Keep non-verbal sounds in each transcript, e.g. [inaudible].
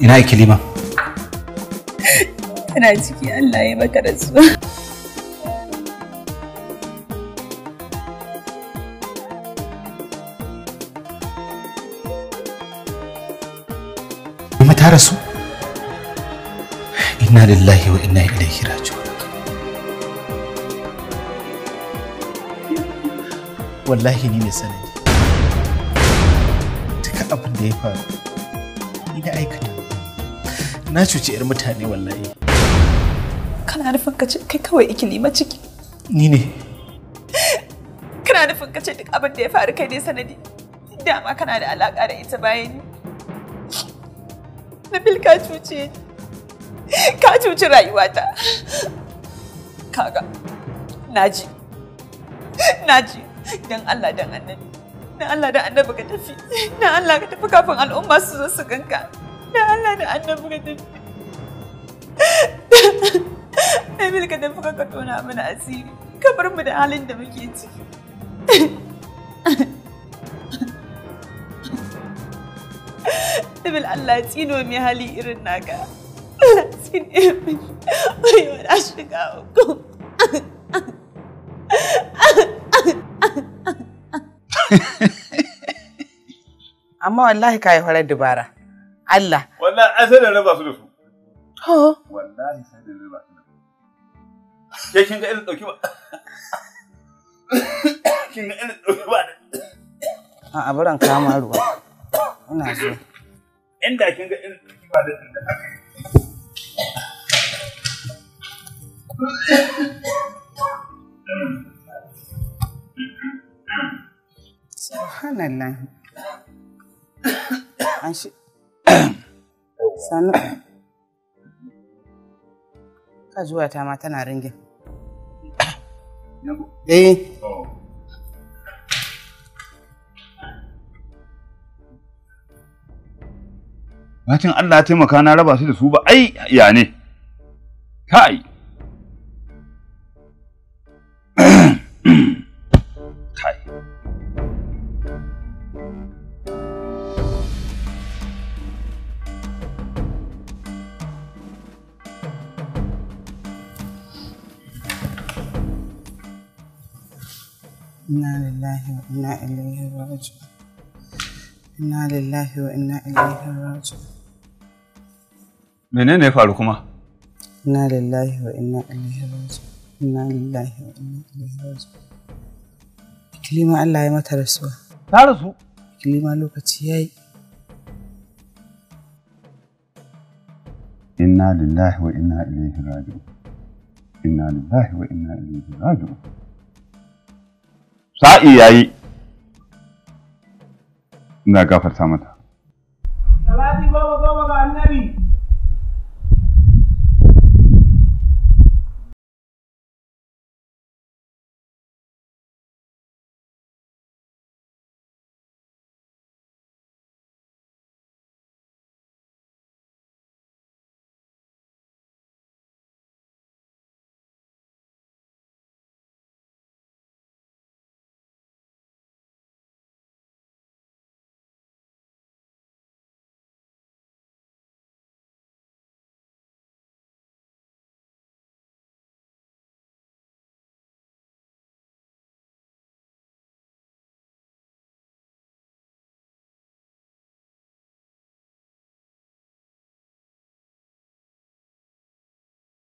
ina yake lima? tana ciki Allah ya maka rasuwa kuma ta rasu Ina lillahi wa inna ilaihi raji'un wallahi ni ne sanadi duka abin da ya faru ni da aikata na cuci 'yar mutane wallahi kana nufin ka ce kai kawai ma ciki ni ne kana nufin ka ce duk abin da ya faru kai ne sanadi dama kana da alaka da ita bayan ni bil ka cuci ka cuci rayuwata kaga naji naji dan Allah dan annabi dan Allah dan annabi ka tafi dan Allah ka tafi kafin al'umma su zo su ganka da Allah da annabi ka tafi Emil ka tafi ka tona mana asiri ka bar mu da halin da muke ciki Emil Allah tsino mai hali irin naka Allah tsine mai wai na shiga uku amma wallahi ka yi horar dubara Allah. Wannan an sai da raba su da su. To. Wallahi sai da raba su da su. Ke kin ga irin dauki ba. [coughs] Kin ga irin dauki ba. A baran kama ruwa. Ina so. Inda kin ga irin dauki ba da inda aka yi. Subhanallah. An shi sannu ka zuwa ta ma tana ringin [coughs] eh Bacin Allah ya taimaka na raba su da su ba ai ya ne kai لله وإنا إليه إنا لله وإنا إليه menene ya faru kuma inna lillahi wa inna ilaihi raji'un inna lillahi wa inna ilaihi raji'un kilima Allah ya mata rasuwa ta rasu kilima lokaci yayi inna lillahi wa inna ilaihi raji'un inna lillahi wa inna ilaihi raji'un sa'i yayi ina gafarta mata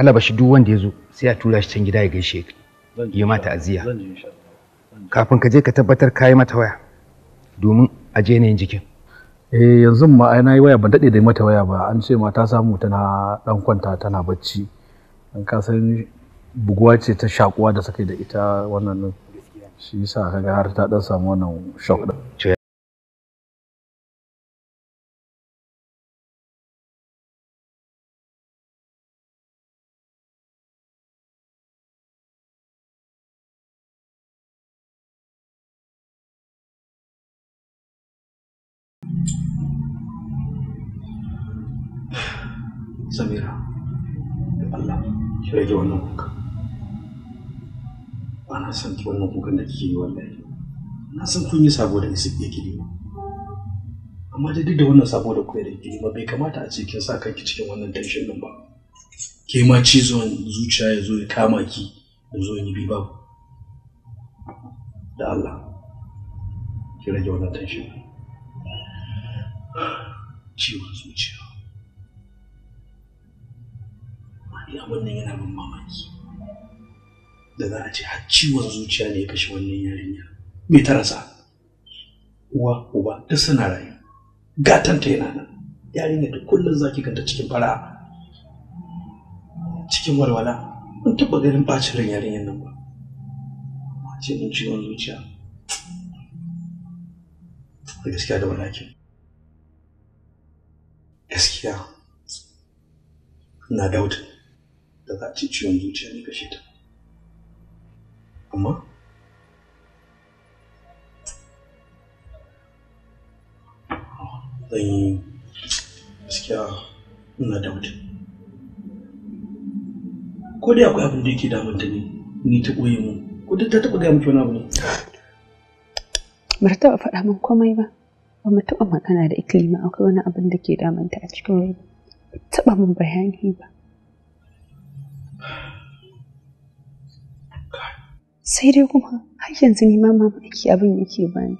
alaba shi duk wanda ya zo sai a tura shi can gida ya gaishe ka yi mata aziya kafin ka je ka tabbatar ka yi mata waya domin a je yin jikin eh yanzu ma ai na waya ban daɗe da mata waya ba an ce ma ta samu tana dan kwanta tana bacci an ka san buguwa ce ta shakuwa da sakai da ita wannan shi yasa kaga har ta dan samu wannan shock din samira da allah ki rage wannan kuka ba na san ki wannan kuka da kike yi wannan wallahi na san kun yi sabo da isi ya kilima amma da duk da wannan sabo da kuka da kilima bai kamata a ce kin sa kanki cikin wannan tension din ba ke ma cizon zuciya ya zo ya kama ki ya zo yi bi babu da allah ki rage wannan tension ciwon zuciya wani abin nan yana min mamaki da za a ce har ciwon zuciya ne ya kashe wannan yarinya bai ta rasa uwa uba duk suna rayu gatanta yana nan yarinya da kullun zaki ki ganta cikin fara cikin walwala an taɓa ganin bacin ran yarinyar nan ba ce mun ciwon zuciya a gaskiya da walakin gaskiya na wutan da za a ci ciwon zuciya ne kashe ta amma zan yi gaskiya na wutan ko dai akwai abin da yake damunta ne ni ta koyi mu ko duk ta taɓa gaya miki wani abu ne ba ta taɓa faɗa min komai ba ba mu taɓa magana da iklima akwai wani abin da ke damanta a cikin rai ba taɓa mun bayani ba sai dai kuma har yanzu ni ma ake abin yake bani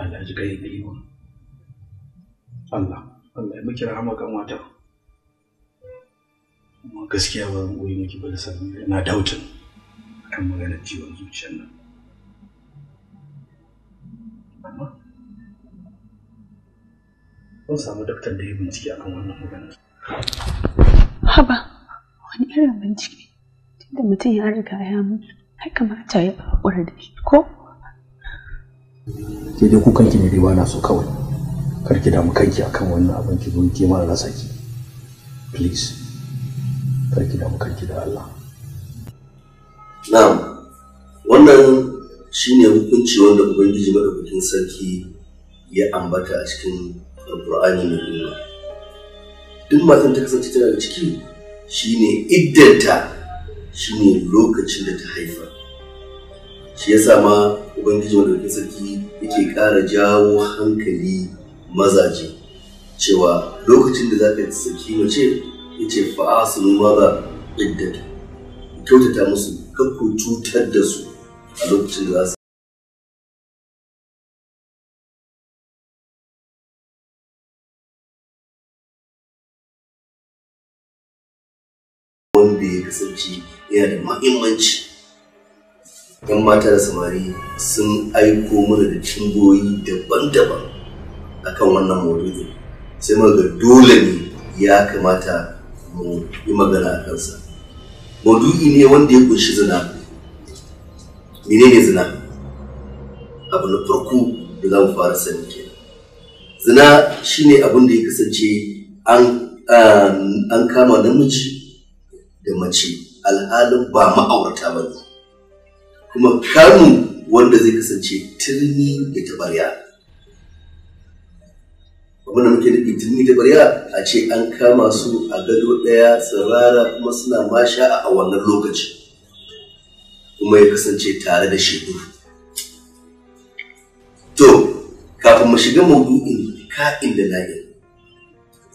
Allah ji kai iklima Allah Allah ya miki rahama kan wata gaskiya ba zan goyi miki ba da na kan maganar ciwon zuciyar nan amma kun samu daktar da ya bincike akan wannan maganar haba wani irin bincike tunda mutum ya riga ya mutu har kamata ya haƙura da shi ko sai dai ku kanki ne dai ba na so kawai kar ki damu kanki akan wannan abin ki zo ki mara rasa ki please kar ki damu kanki da Allah na'am wannan shine hukunci wanda ubangiji madaukakin sarki ya ambata a cikin Alƙur'ani mai girma duk matan ta kasance tana da ciki shine iddanta shine lokacin da ta haifa shi yasa ma ubangiji madaukakin sarki yake ƙara jawo hankali mazaje cewa lokacin da za ka saki mace ya ce fa'asunu maza iddata kyautata musu kar ku cutar da su a lokacin za su wanda ya kasance yana da mahimmanci yan mata da samari sun aiko mana da cimboyi daban-daban A kan wannan maudu'in sai muka ga dole ne ya kamata mu yi magana a kansa maudu'i ne wanda ya kunshi zina ne zina abu na farko da za mu fara sani ke zina shine abin da ya kasance an kama namiji da mace alhalin ba ma'aurata ba kuma kanu wanda zai kasance turmi da tabarya abin da muke da intini da bariya a ce an kama su a gado ɗaya tsirara kuma suna masha a wannan lokaci kuma ya kasance tare da shi. to kafin mu shiga maudu'in ka'in da na'in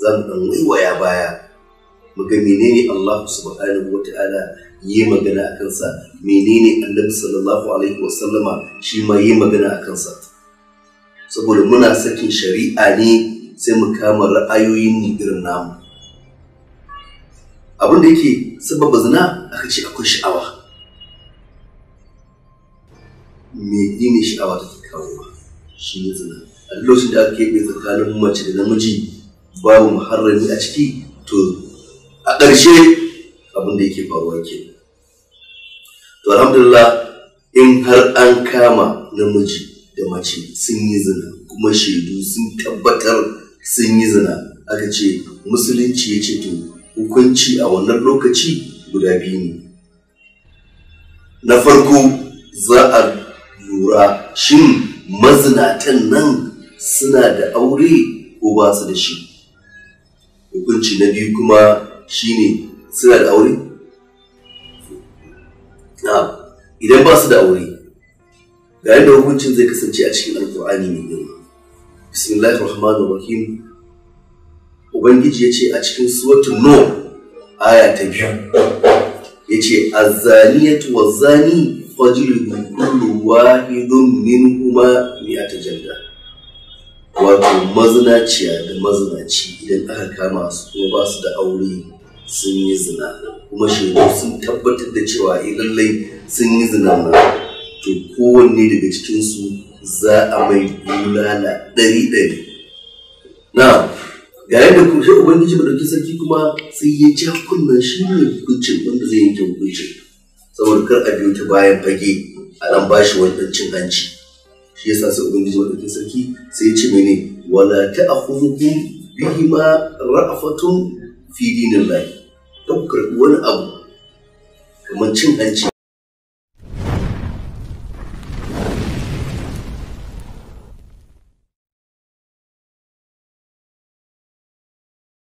za mu ɗan waiwaya baya mu ga menene Allah subhanahu wa ta'ala yi magana a kansa menene Allah sallallahu alaihi wa sallama shi ma yi magana a kansa saboda muna sakin shari'a ne sai mu kama ra'ayoyin ni irin namu abin da yake sababa zina aka ce akwai sha'awa Me ne sha'awa take kawowa shi ne zina a lokacin da aka keɓe tsakanin mace da namiji babu muharrami a ciki to a ƙarshe abin da yake faruwa ke to alhamdulillah in har an kama namiji da mace sun yi zina kuma shaidu sun tabbatar sun yi zina aka ce musulunci ya ce to hukunci a wannan lokaci guda biyu ne na farko za a lura shin mazinatan nan suna da aure ko ba su da shi hukunci na biyu kuma shi ne suna da aure idan ba su da aure ga yadda hukuncin zai kasance a cikin alkur'ani mai girma bismillahir rahmanir rahim ubangiji ya ce a cikin suratul nur aya ta biyu ya ce azzaniyatu zani fajridu kullu wahidun a ta janda wato mazinaciya da mazinaci idan aka kama su kuma ba su da aure sun yi zina kuma shaidu sun tabbatar da cewa eh, lallai sun yi zina na to kowanne daga cikinsu za a mai bulala ɗari ɗari na ga yadda ku shi ubangiji madauki sarki kuma sai ya ja kunnan shi ne hukuncin wanda zai yanke hukuncin saboda kar a biyo ta bayan fage a nan ba shi wani cin hanci shi yasa sai ubangiji madauki sarki sai ya ce mene wala ta a ma ma ra'fatun fi na don karɓi wani abu kamar cin hanci